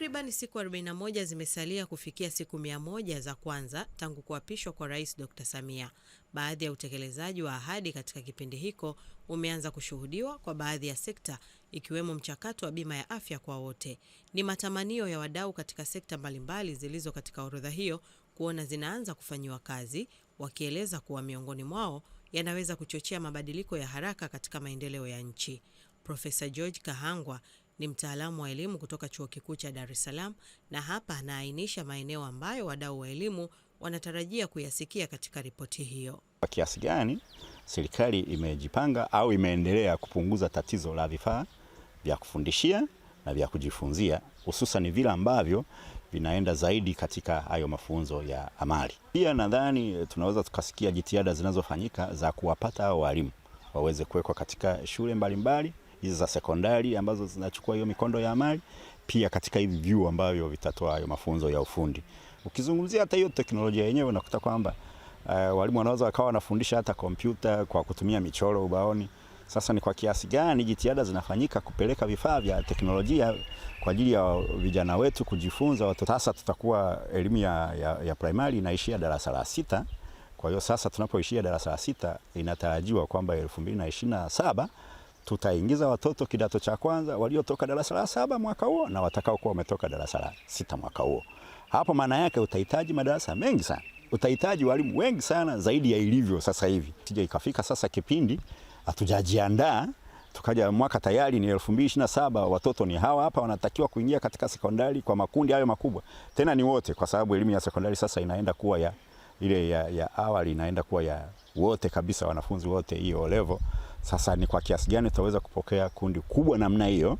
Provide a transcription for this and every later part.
Takriban siku 41 zimesalia kufikia siku 100 za kwanza tangu kuapishwa kwa Rais Dr. Samia. Baadhi ya utekelezaji wa ahadi katika kipindi hiko umeanza kushuhudiwa kwa baadhi ya sekta ikiwemo mchakato wa bima ya afya kwa wote. Ni matamanio ya wadau katika sekta mbalimbali zilizo katika orodha hiyo kuona zinaanza kufanyiwa kazi, wakieleza kuwa miongoni mwao yanaweza kuchochea mabadiliko ya haraka katika maendeleo ya nchi. Profesa George Kahangwa ni mtaalamu wa elimu kutoka Chuo Kikuu cha Dar es Salaam na hapa anaainisha maeneo ambayo wadau wa elimu wanatarajia kuyasikia katika ripoti hiyo. Kwa kiasi gani serikali imejipanga au imeendelea kupunguza tatizo la vifaa vya kufundishia na vya kujifunzia, hususan vile ambavyo vinaenda zaidi katika hayo mafunzo ya amali. Pia nadhani eh, tunaweza tukasikia jitihada zinazofanyika za kuwapata hao walimu waweze kuwekwa katika shule mbalimbali mbali, hizi za sekondari ambazo zinachukua hiyo mikondo ya amali, pia katika hivi vyuo ambavyo vitatoa hayo mafunzo ya ufundi. Ukizungumzia hata hiyo teknolojia yenyewe unakuta kwamba uh, walimu wanaweza wakawa wanafundisha hata kompyuta kwa kutumia michoro ubaoni. Sasa ni kwa kiasi gani jitihada zinafanyika kupeleka vifaa vya teknolojia kwa ajili ya vijana wetu kujifunza? watoto. Sasa tutakuwa elimu ya, ya, ya primary inaishia darasa la sita. Kwa hiyo sasa tunapoishia darasa la sita, inatarajiwa kwamba elfu mbili na ishirini na saba tutaingiza watoto kidato cha kwanza waliotoka darasa la saba mwaka huo na watakao kuwa wametoka darasa la sita mwaka huo. Hapo maana yake utahitaji madarasa mengi sana, utahitaji walimu wengi sana zaidi ya ilivyo sasa hivi. Tija ikafika sasa kipindi hatujajiandaa tukaja mwaka tayari ni elfu mbili ishirini na saba watoto ni hawa hapa, wanatakiwa kuingia katika sekondari kwa makundi hayo makubwa, tena ni wote, kwa sababu elimu ya sekondari sasa inaenda kuwa ya ile ya, ya awali inaenda kuwa ya wote kabisa, wanafunzi wote hiyo olevo. Sasa ni kwa kiasi gani tutaweza kupokea kundi kubwa namna hiyo?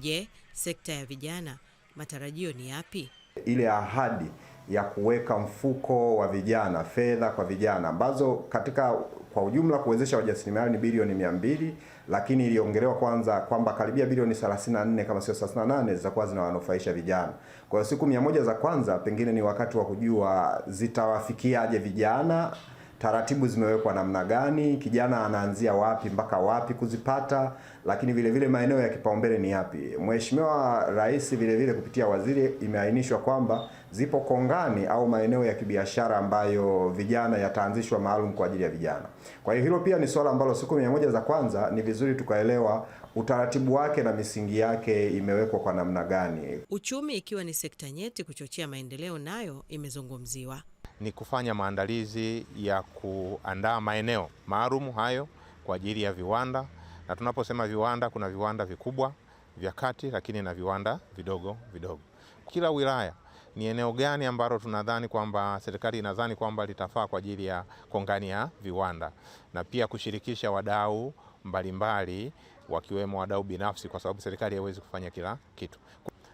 Je, sekta ya vijana matarajio ni yapi? Ile ahadi ya kuweka mfuko wa vijana, fedha kwa vijana ambazo katika kwa ujumla kuwezesha wajasiriamali ni bilioni mbili, lakini iliongelewa kwanza kwamba karibia bilioni 34 kama sio 38 zitakuwa zinawanufaisha vijana. Kwa hiyo siku mia moja za kwanza pengine ni wakati wa kujua zitawafikiaje vijana taratibu zimewekwa namna gani, kijana anaanzia wapi mpaka wapi kuzipata, lakini vile vile maeneo ya kipaumbele ni yapi. Mheshimiwa Rais vile vile kupitia waziri imeainishwa kwamba zipo kongani au maeneo ya kibiashara ambayo vijana yataanzishwa maalum kwa ajili ya vijana. Kwa hiyo hilo pia ni swala ambalo siku mia moja za kwanza ni vizuri tukaelewa utaratibu wake na misingi yake imewekwa kwa namna gani. Uchumi ikiwa ni sekta nyeti, kuchochea maendeleo nayo imezungumziwa ni kufanya maandalizi ya kuandaa maeneo maalum hayo kwa ajili ya viwanda, na tunaposema viwanda, kuna viwanda vikubwa vya kati, lakini na viwanda vidogo vidogo. Kila wilaya ni eneo gani ambalo tunadhani kwamba serikali inadhani kwamba litafaa kwa ajili ya kongani ya viwanda, na pia kushirikisha wadau mbalimbali wakiwemo wadau binafsi, kwa sababu serikali haiwezi kufanya kila kitu.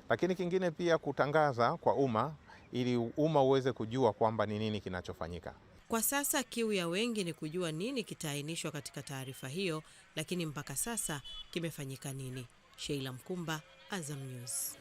Lakini kingine pia kutangaza kwa umma ili umma uweze kujua kwamba ni nini kinachofanyika. Kwa sasa kiu ya wengi ni kujua nini kitaainishwa katika taarifa hiyo, lakini mpaka sasa kimefanyika nini? Sheila Mkumba, Azam News.